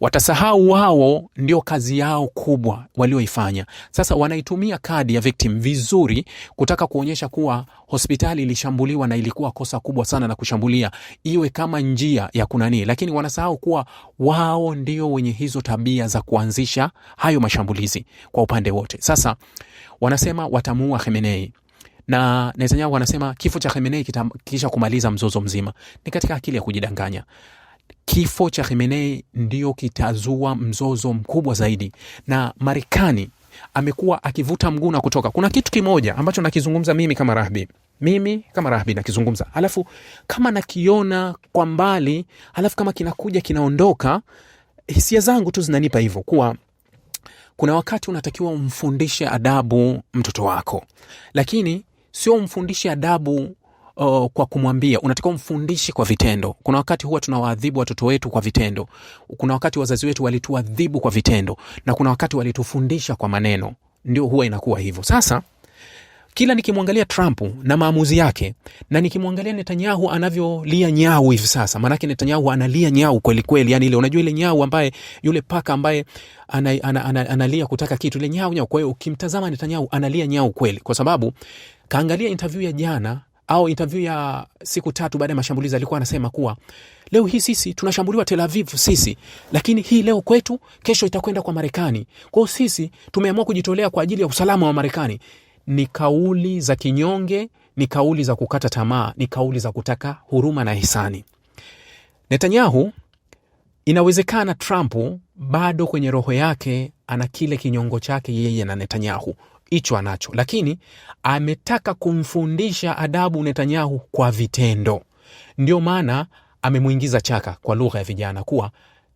watasahau wao ndio kazi yao kubwa walioifanya. Sasa wanaitumia kadi ya victim vizuri kutaka kuonyesha kuwa hospitali ilishambuliwa na ilikuwa kosa kubwa sana, na kushambulia iwe kama njia ya kunanii, lakini wanasahau kuwa wao ndio wenye hizo tabia za kuanzisha hayo mashambulizi kwa upande wote. Sasa wanasema watamuua Khamenei na Netanyahu wanasema kifo cha Khamenei kisha kumaliza mzozo mzima. Ni katika akili ya kujidanganya kifo cha Khamenei ndio kitazua mzozo mkubwa zaidi, na Marekani amekuwa akivuta mguu na kutoka. Kuna kitu kimoja ambacho nakizungumza mimi kama rahbi, mimi kama rahbi nakizungumza, alafu kama nakiona kwa mbali, alafu kama kinakuja kinaondoka, hisia zangu tu zinanipa hivyo kuwa kuna wakati unatakiwa umfundishe adabu mtoto wako, lakini sio umfundishe adabu o, uh, kwa kumwambia, unatakiwa umfundishe kwa vitendo. Kuna wakati huwa tunawaadhibu watoto wetu kwa vitendo, kuna wakati wazazi wetu walituadhibu kwa vitendo, na kuna wakati walitufundisha kwa maneno. Ndio huwa inakuwa hivyo. Sasa kila nikimwangalia Trump na maamuzi yake na nikimwangalia Netanyahu anavyolia nyau hivi sasa, maanake Netanyahu analia nyau kweli kweli, yani ile unajua ile nyau ambaye yule paka ambaye analia ana, ana, ana kutaka kitu ile nyau nyau. Kwa hiyo ukimtazama Netanyahu analia nyau kweli, kwa sababu kaangalia interview ya jana au interview ya siku tatu baada ya mashambulizi alikuwa anasema kuwa leo hii sisi tunashambuliwa Tel Aviv sisi, lakini hii leo kwetu, kesho itakwenda kwa Marekani. Kwa hiyo sisi tumeamua kujitolea kwa ajili ya usalama wa Marekani. Ni kauli za kinyonge, ni kauli za kukata tamaa, ni kauli za kutaka huruma na hisani. Netanyahu, inawezekana Trump bado kwenye roho yake ana kile kinyongo chake yeye na Netanyahu hicho anacho, lakini ametaka kumfundisha adabu Netanyahu kwa vitendo. Ndio maana amemwingiza Chaka kwa lugha ya vijana kuwa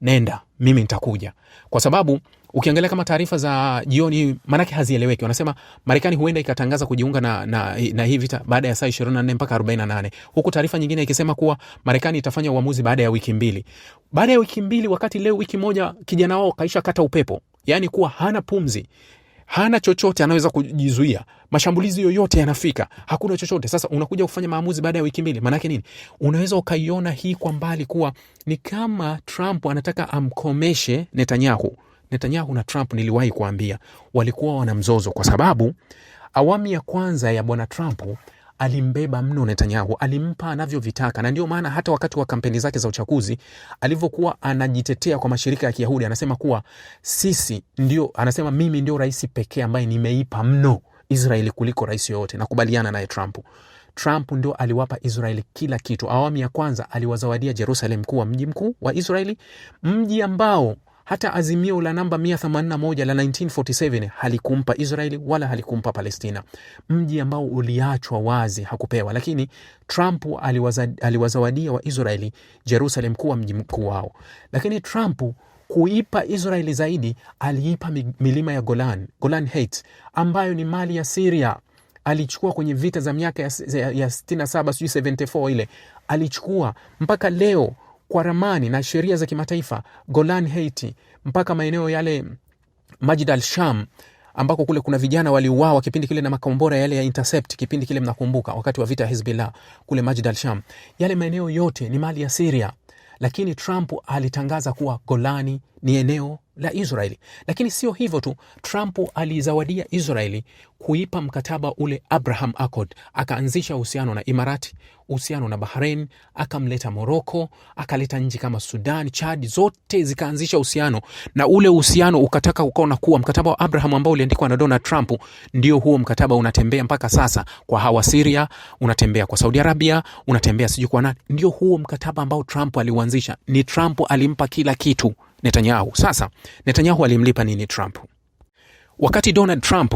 nenda, mimi nitakuja, kwa sababu ukiangalia kama taarifa za jioni, maanake hazieleweki. Wanasema Marekani huenda ikatangaza kujiunga na, na, na hii vita baada ya saa 24 mpaka 48, huku taarifa nyingine ikisema kuwa Marekani itafanya uamuzi baada ya wiki mbili. Baada ya wiki mbili, wakati leo wiki moja kijana wao kaisha kata upepo, yaani kuwa hana pumzi hana chochote, anaweza kujizuia, mashambulizi yoyote yanafika, hakuna chochote. Sasa unakuja kufanya maamuzi baada ya wiki mbili, maanake nini? Unaweza ukaiona hii kwa mbali kuwa ni kama Trump anataka amkomeshe Netanyahu. Netanyahu na Trump, niliwahi kuambia, walikuwa wana mzozo, kwa sababu awamu ya kwanza ya bwana Trump alimbeba mno Netanyahu, alimpa anavyovitaka, na ndio maana hata wakati wa kampeni zake za uchaguzi alivyokuwa anajitetea kwa mashirika ya Kiyahudi anasema kuwa sisi ndio, anasema mimi ndio rais pekee ambaye nimeipa mno Israeli kuliko rais yoyote. Nakubaliana naye Trump. Trump ndio aliwapa Israeli kila kitu. Awamu ya kwanza aliwazawadia Jerusalem kuwa mji mkuu wa Israeli, mji ambao hata azimio la namba 181 la 1947 halikumpa Israeli wala halikumpa Palestina. Mji ambao uliachwa wazi hakupewa, lakini Trump aliwazawadia wa israeli Jerusalem kuwa mji mkuu wao. Lakini Trump kuipa Israeli zaidi, aliipa milima ya Golan, Golan Heights, ambayo ni mali ya Syria alichukua kwenye vita za miaka ya 67 sijui 74 ile alichukua mpaka leo kwa ramani na sheria za kimataifa Golan Haiti mpaka maeneo yale Majid al Sham ambako kule kuna vijana waliuawa kipindi kile na makombora yale ya intercept kipindi kile, mnakumbuka wakati wa vita Hizbillah kule Majid al Sham, yale maeneo yote ni mali ya Syria, lakini Trump alitangaza kuwa Golani ni eneo la Israeli. Lakini sio hivyo tu, Trump alizawadia Israeli kuipa mkataba ule Abraham Accord, akaanzisha uhusiano na Imarati, uhusiano na Bahrain, akamleta Moroko, akaleta nchi kama Sudan, Chad, zote zikaanzisha uhusiano na ule uhusiano ukataka ukaona kuwa mkataba wa Abraham ambao uliandikwa na Donald Trump ndio huo mkataba unatembea mpaka sasa kwa hawa Syria, unatembea kwa Saudi Arabia, unatembea sijui kwa nani, ndio huo mkataba ambao Trump aliuanzisha. Ni Trump alimpa kila kitu Netanyahu. Sasa Netanyahu alimlipa nini Trump? Wakati Donald Trump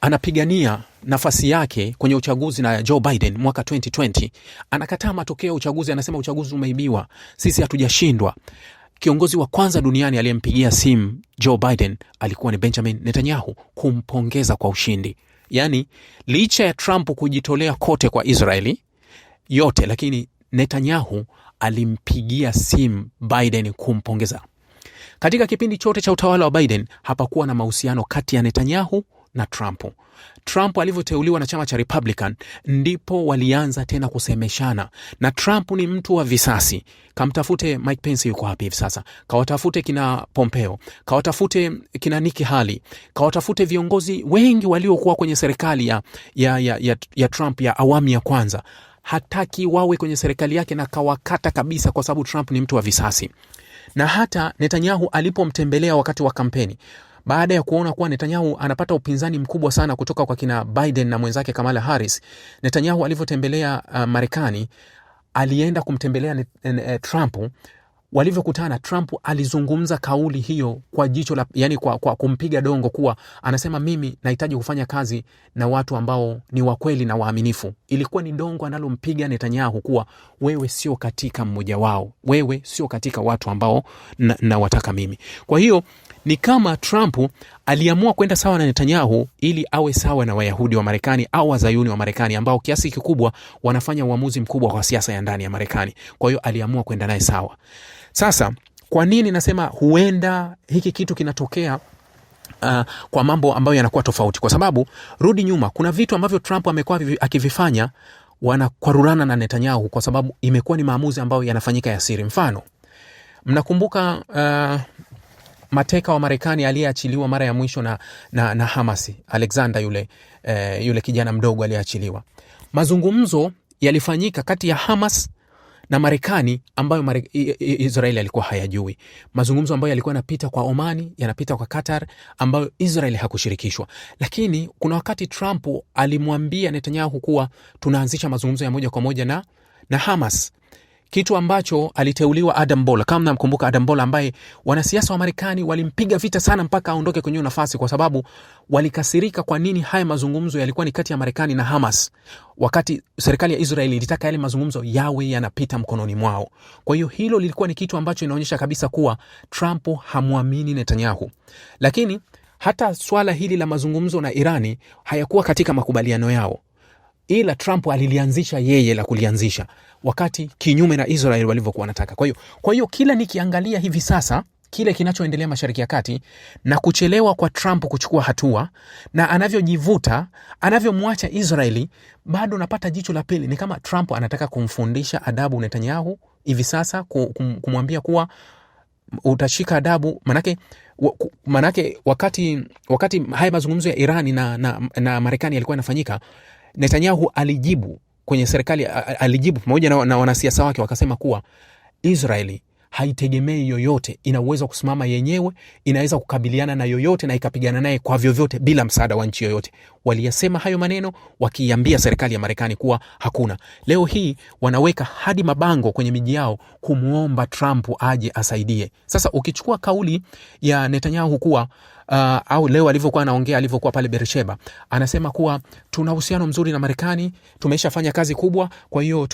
anapigania nafasi yake kwenye uchaguzi na Joe Biden mwaka 2020, anakataa matokeo ya uchaguzi, anasema uchaguzi umeibiwa, sisi hatujashindwa. Kiongozi wa kwanza duniani aliyempigia simu Joe Biden alikuwa ni Benjamin Netanyahu kumpongeza kwa ushindi. Yaani, licha ya Trump kujitolea kote kwa Israeli yote, lakini Netanyahu alimpigia simu Biden kumpongeza. Katika kipindi chote cha utawala wa Biden hapakuwa na mahusiano kati ya Netanyahu na Trump. Trump alivyoteuliwa na chama cha Republican ndipo walianza tena kusemeshana, na Trump ni mtu wa visasi. Kamtafute Mike Pence, yuko hapa hivi sasa, kawatafute kina Pompeo, kawatafute kina Nikki Haley, kawatafute viongozi wengi waliokuwa kwenye serikali ya, ya, ya, ya, ya Trump ya awamu ya kwanza hataki wawe kwenye serikali yake na kawakata kabisa, kwa sababu Trump ni mtu wa visasi. Na hata Netanyahu alipomtembelea wakati wa kampeni baada ya kuona kuwa Netanyahu anapata upinzani mkubwa sana kutoka kwa kina Biden na mwenzake Kamala Harris, Netanyahu alivyotembelea uh, Marekani, alienda kumtembelea eh, Trump. Walivyokutana, Trump alizungumza kauli hiyo kwa jicho la, yani kwa, kwa kumpiga dongo, kuwa anasema mimi nahitaji kufanya kazi na watu ambao ni wakweli na waaminifu ilikuwa ni dongo analompiga Netanyahu kuwa wewe sio katika mmoja wao, wewe sio katika watu ambao nawataka na mimi. Kwa hiyo ni kama Trump aliamua kwenda sawa na Netanyahu ili awe sawa na Wayahudi wa Marekani au Wazayuni wa Marekani ambao kiasi kikubwa wanafanya uamuzi mkubwa kwa siasa ya ndani ya Marekani. Kwa hiyo aliamua kwenda naye sawa. Sasa kwa nini nasema huenda hiki kitu kinatokea Uh, kwa mambo ambayo yanakuwa tofauti, kwa sababu rudi nyuma, kuna vitu ambavyo Trump amekuwa akivifanya wanakwarurana na Netanyahu kwa sababu imekuwa ni maamuzi ambayo yanafanyika ya siri. Mfano, mnakumbuka uh, mateka wa Marekani aliyeachiliwa mara ya mwisho na, na, na Hamasi Alexander yule, uh, yule kijana mdogo aliyeachiliwa, mazungumzo yalifanyika kati ya Hamas na Marekani ambayo mare, Israeli alikuwa hayajui. Mazungumzo ambayo yalikuwa yanapita kwa Omani yanapita kwa Qatar ambayo Israeli hakushirikishwa. Lakini kuna wakati Trump alimwambia Netanyahu kuwa tunaanzisha mazungumzo ya moja kwa moja na na Hamas kitu ambacho aliteuliwa Adam Bola. Kama namkumbuka Adam Bola, ambaye wanasiasa wa Marekani walimpiga vita sana mpaka aondoke kwenye nafasi, kwa sababu walikasirika. Kwa nini haya mazungumzo yalikuwa ni kati ya Marekani na Hamas, wakati serikali ya Israeli ilitaka yale mazungumzo yawe yanapita mkononi mwao? Kwa hiyo hilo lilikuwa ni kitu ambacho inaonyesha kabisa kuwa Trump hamwamini Netanyahu, lakini hata swala hili la mazungumzo na Irani hayakuwa katika makubaliano yao ila Trump alilianzisha yeye la kulianzisha, wakati kinyume na Israel walivyokuwa wanataka. Kwa hiyo kwa hiyo kila nikiangalia hivi sasa kile kinachoendelea Mashariki ya Kati na kuchelewa kwa Trump kuchukua hatua na anavyojivuta, anavyomwacha Israeli, bado napata jicho la pili. Ni kama Trump anataka kumfundisha adabu Netanyahu hivi sasa, kumwambia kuwa utashika adabu, manake manake wakati, wakati haya mazungumzo ya Irani na, na, na Marekani yalikuwa yanafanyika Netanyahu alijibu kwenye serikali, alijibu pamoja na, na wanasiasa wake wakasema kuwa Israeli haitegemei yoyote, ina uwezo wa kusimama yenyewe, inaweza kukabiliana na yoyote na ikapigana naye kwa vyovyote bila msaada wa nchi yoyote. Waliyasema hayo maneno wakiiambia serikali ya Marekani kuwa hakuna. Leo hii wanaweka hadi mabango kwenye miji yao kumwomba Trump aje asaidie. Sasa ukichukua kauli ya Netanyahu kuwa uh, au leo alivyokuwa anaongea alivyokuwa pale Beresheba, anasema kuwa tuna uhusiano mzuri na Marekani, tumeshafanya kazi kubwa. Kwa hiyo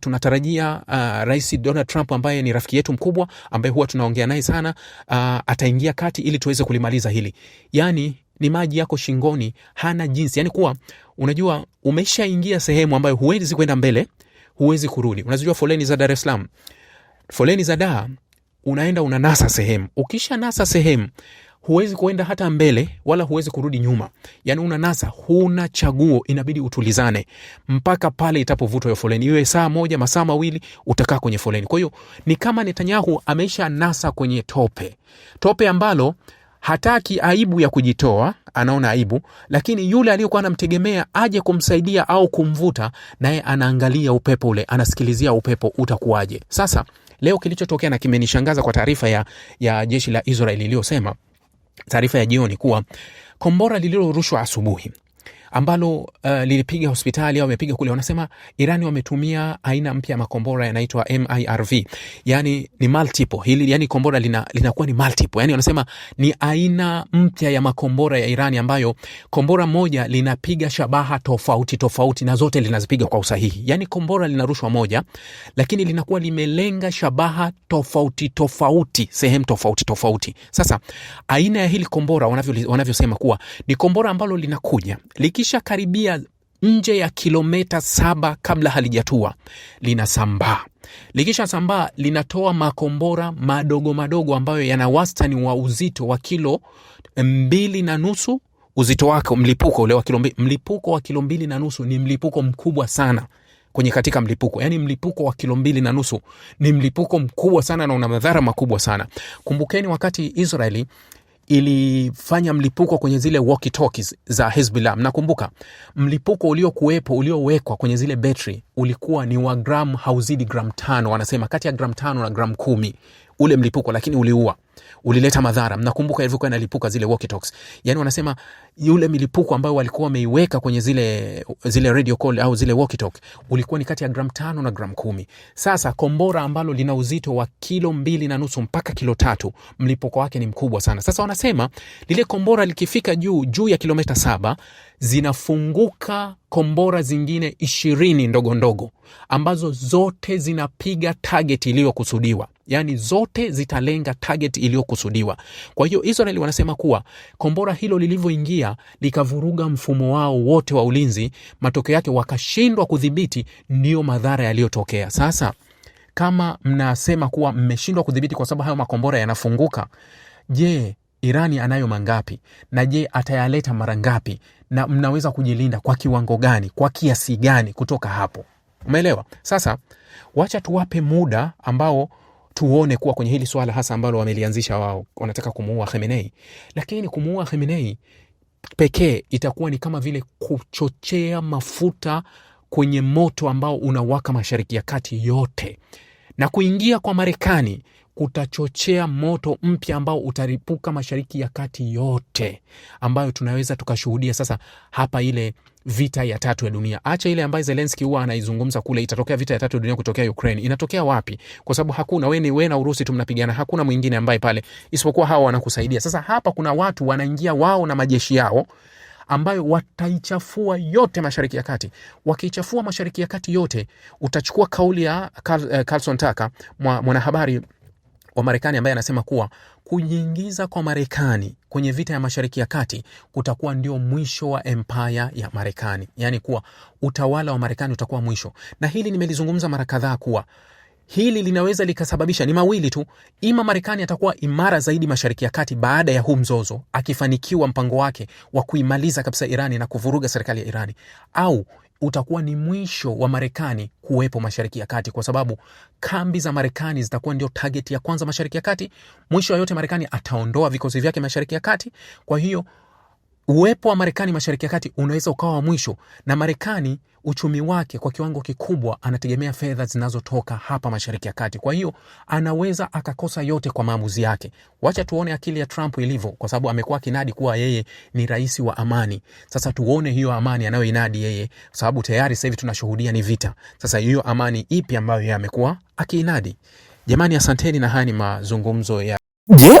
tunatarajia tuna, tuna uh, Rais Donald Trump ambaye ni rafiki yetu mkubwa ambaye huwa tunaongea naye sana uh, ataingia kati ili tuweze kulimaliza hili. Yani ni maji yako shingoni, hana jinsi. Yani kuwa unajua umeshaingia sehemu ambayo huwezi kwenda mbele, huwezi kurudi. Unazijua foleni za Dar es Salaam, foleni za Dar, unaenda unanasa sehemu, ukisha nasa sehemu huwezi kuenda hata mbele wala huwezi kurudi nyuma, yani una nasa, huna chaguo, inabidi utulizane mpaka pale itapovutwa hiyo foleni, iwe saa moja, masaa mawili, utakaa kwenye foleni. Kwa hiyo ni kama Netanyahu ameisha nasa kwenye tope, tope ambalo hataki aibu ya kujitoa, anaona aibu, lakini yule aliyokuwa anamtegemea aje kumsaidia au kumvuta, naye anaangalia upepo ule, anasikilizia upepo utakuwaje. Sasa leo kilichotokea na kimenishangaza kwa taarifa ya, ya jeshi la Israel iliyosema taarifa ya jioni kuwa kombora lililorushwa asubuhi ambalo uh, lilipiga hospitali au wamepiga kule, wanasema Irani wametumia aina mpya ya makombora yanaitwa MIRV, yani ni multiple hili, yani kombora lina, linakuwa ni multiple, yani wanasema ni aina mpya ya makombora ya Irani ambayo kombora moja linapiga shabaha tofauti tofauti na zote linazipiga kwa usahihi. Yani kombora linarushwa moja, lakini linakuwa limelenga shabaha tofauti tofauti sehemu tofauti tofauti. Sasa aina ya hili kombora wanavyosema wanavyo kuwa ni kombora ambalo linakuja liki likisha karibia nje ya kilomita saba kabla halijatua linasambaa. sambaa linatoa makombora madogo madogo ambayo yana wastani wa uzito wa kilo mbili na nusu uzito wake mlipuko ule wa kilo mbili, mlipuko wa kilo mbili na nusu ni mlipuko mkubwa sana kwenye katika mlipuko yani, mlipuko wa kilo mbili na nusu ni mlipuko mkubwa sana na una madhara makubwa sana. Kumbukeni wakati Israeli ilifanya mlipuko kwenye zile walkie talkies za Hezbollah. Mnakumbuka mlipuko uliokuwepo uliowekwa kwenye zile betri ulikuwa ni wa gramu hauzidi gramu tano, wanasema kati ya gramu tano na gramu kumi ule mlipuko, lakini uliua ulileta madhara. Mnakumbuka ilivyokuwa inalipuka zile walkie talks, yani wanasema yule milipuko ambayo walikuwa wameiweka kwenye zile, zile radio call au zile walkie talk ulikuwa ni kati ya gram tano na gram kumi. Sasa kombora ambalo lina uzito wa kilo mbili na nusu mpaka kilo tatu mlipuko wake ni mkubwa sana. Sasa wanasema lile kombora likifika juu juu ya kilomita saba zinafunguka kombora zingine ishirini ndogo ndogo ambazo zote zinapiga tageti iliyokusudiwa yani zote zitalenga target iliyokusudiwa. Kwa hiyo israel wanasema kuwa kombora hilo lilivyoingia likavuruga mfumo wao wote wa ulinzi, matokeo yake wakashindwa kudhibiti, ndiyo madhara yaliyotokea. Sasa kama mnasema kuwa mmeshindwa kudhibiti kwa sababu hayo makombora yanafunguka, je, Irani anayo mangapi? Na je atayaleta mara ngapi? Na mnaweza kujilinda kwa kiwango gani, kwa kiasi gani kutoka hapo? Umeelewa? Sasa wacha tuwape muda ambao tuone kuwa kwenye hili swala hasa ambalo wamelianzisha wao, wanataka kumuua Khamenei, lakini kumuua Khamenei pekee itakuwa ni kama vile kuchochea mafuta kwenye moto ambao unawaka Mashariki ya Kati yote na kuingia kwa Marekani kutachochea moto mpya ambao utaripuka Mashariki ya Kati yote ambayo tunaweza tukashuhudia sasa hapa ile vita ya tatu ya dunia. Acha ile ambayo Zelenski huwa anaizungumza kule, itatokea vita ya tatu ya dunia kutokea Ukraine. Inatokea wapi? Kwa sababu hakuna we ni we na Urusi tumnapigana, hakuna mwingine ambaye pale isipokuwa hawa wanakusaidia. Sasa hapa kuna watu wanaingia wao na majeshi yao ambayo wataichafua yote Mashariki ya Kati. Wakiichafua Mashariki ya Kati yote, utachukua kauli ya eh, Carlson Tucker, mwanahabari wa Marekani ambaye anasema kuwa kujiingiza kwa Marekani kwenye vita ya Mashariki ya Kati kutakuwa ndio mwisho wa empire ya Marekani, yaani kuwa utawala wa Marekani utakuwa mwisho. Na hili nimelizungumza mara kadhaa kuwa hili linaweza likasababisha ni mawili tu, ima Marekani atakuwa imara zaidi Mashariki ya Kati baada ya huu mzozo, akifanikiwa mpango wake wa kuimaliza kabisa Irani na kuvuruga serikali ya Irani, au utakuwa ni mwisho wa Marekani kuwepo Mashariki ya Kati, kwa sababu kambi za Marekani zitakuwa ndio target ya kwanza Mashariki ya Kati. Mwisho wa yote, Marekani ataondoa vikosi vyake Mashariki ya Kati. Kwa hiyo uwepo wa Marekani Mashariki ya Kati unaweza ukawa wa mwisho na Marekani uchumi wake kwa kiwango kikubwa anategemea fedha zinazotoka hapa Mashariki ya Kati. Kwa hiyo anaweza akakosa yote kwa maamuzi yake. Wacha tuone akili ya Trump ilivyo, kwa sababu amekuwa akinadi kuwa yeye ni rais wa amani. Sasa tuone hiyo amani anayoinadi yeye, kwa sababu tayari sasa hivi tunashuhudia ni vita. Sasa hiyo amani ipi ambayo yeye amekuwa akiinadi? Jamani, asanteni, na haya ni mazungumzo ya Je,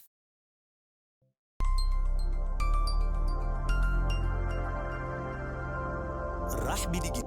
be the